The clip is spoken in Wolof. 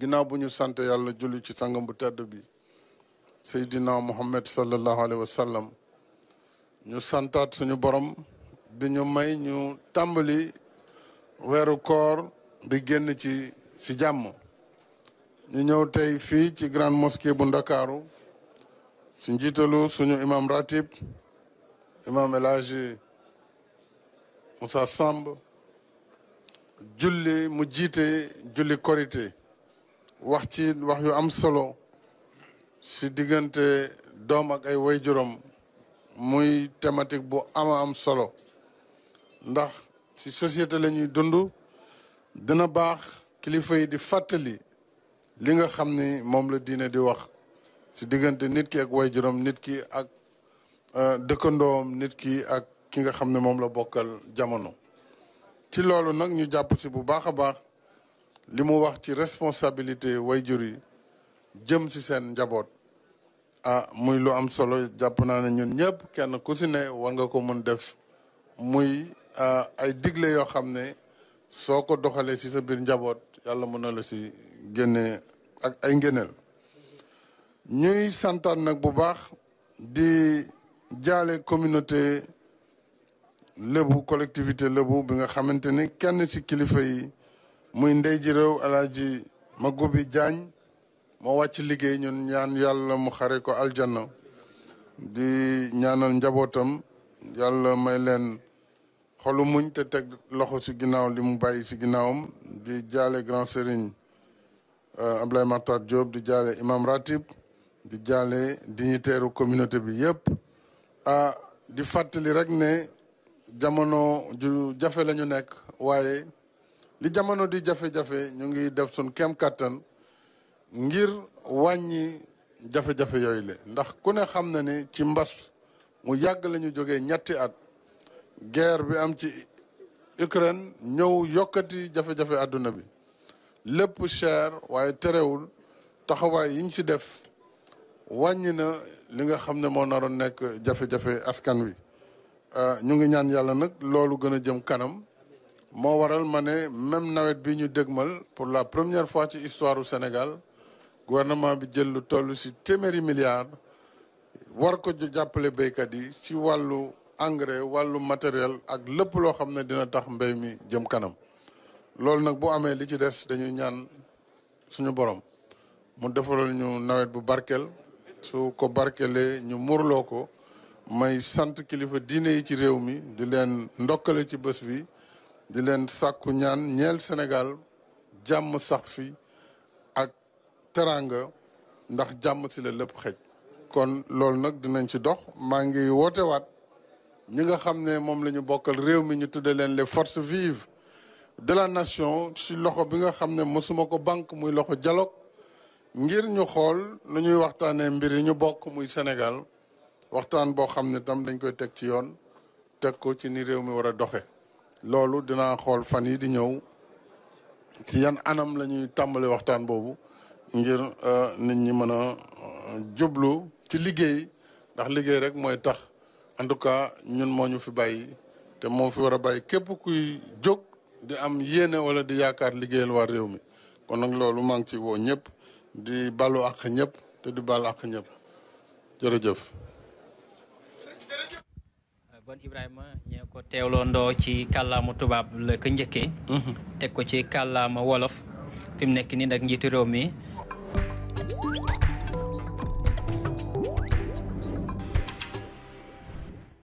ginnaaw bu ñu sant yàlla julli ci sangam bu tedd bi seydina muhammad sallallahu alayhi wa ñu santaat suñu borom bi ñu may ñu tàmbali weeru koor bi génn ci si jàmm ñu ñëw tey fii ci grande mosquée bu ndakaaru su njiitalu suñu imam ratib imam El Hadji Moussa Samb julli mu jiite julli korité wax ci wax yu am solo si diggante doom ak ay waajuram muy thématique bu ama am solo ndax si société la ñuy dund dina baax kilifa yi di fàttali li nga xam ni moom la diine di wax si diggante nit ki ak waajuram nit ki ak euh, dëkkandoom nit ki ak ki nga xam ne moom la bokkal jamono ci loolu nag ñu jàpp si bu baax a baax li mu wax ci responsabilité wayjur yi jëm si seen njaboot ah muy lu am solo jàpp naa ne ñun ñëpp kenn ku ci ne war nga ko mën def muy ah, ay digle yoo xam ne soo ko doxalee ci sa biir njaboot yàlla mën a la si génne ak ay ngéneel ñuy santaan nag bu baax di jaale communauté lébu collectivité lébu bi nga xamante ni kenn ci kilifa yi muy ndey ji réew alaaji Magoubi Diagne moo wàcc liggéey ñun ñaan yàlla mu xare ko aljanna di ñaanal njabootam yàlla may leen xolu muñ te teg loxo si ginnaaw li mu bàyyi si ginnaawam di jaale grand serigne euh, Ablaye Makhtar Diop di jaale imam ratib di jaale dignitaire communauté bi yëpp ah di fàttali rek ne jamono jafe la ñu nekk waaye li jamono di jafe-jafe ñu ngi def suñ kem kattan ngir wàññi jafe-jafe yooyu le ndax ku ne xam na ni ci mbas mu yàgg la ñu jógee ñetti at guerre bi am ci Ukraine ñëw yokkati jafe-jafe àdduna bi lépp cher waaye terewul taxawaay yiñ ci def wàññi na li nga xam ne moo naroon nekk jafe-jafe askan wi euh, ñu ngi ñaan yàlla nag loolu gën a jëm kanam moo waral ma ne même nawet bi ñu dëgmal pour la première fois ci histoire du Sénégal gouvernement bi jël lu toll si téeméeri milliards war ko jàppale béykat yi si wàllu engrais wàllu matériel ak lépp loo xam ne dina tax mbéy mi jëm kanam loolu nag bu amee li ci des dañuy ñaan suñu borom mu defaral ñu nawet bu barkeel su ko barkelee ñu muurloo ko may sant kilifa diine yi ci réew mi di leen ndokkale ci bés bi di leen sàkku ñaan ñeel Sénégal jàmm sax fi ak teraanga ndax jàmm ci la lépp xej kon loolu nag dinañ ci dox maa ngi wootewaat ñi nga xam ne moom lañu ñu bokkal réew mi ñu tudde leen le force vive de la nation ci loxo bi nga xam ne mosuma ko banque muy loxo dialogue ngir ñu xool nu ñuy waxtaanee mbir yi ñu bokk muy Sénégal waxtaan boo xam ne tam dañ koy teg ci yoon teg ko ci ni réew mi war a doxe loolu dinaa xool fan yi di ñëw si yan anam la ñuy tàmbali waxtaan boobu ngir euh, nit ñi mën a euh, jublu ci liggéey ndax liggéey rek mooy tax en tout cas ñun moo ñu fi bàyyi te moo fi war a bàyyi képp kuy jóg di am yéene wala di yaakaar liggéeyal waa réew mi kon nag loolu maa ngi ci woo ñëpp di balu ak ñëpp te di balu ak ñëpp jërëjëf kon Ibrahima ñee ko teewloo ndoo ci kallaama tubaab la ko njëkkee mhm. teg ko ci kàllaama wolof fi mu nekk nii nag njiitu réew mi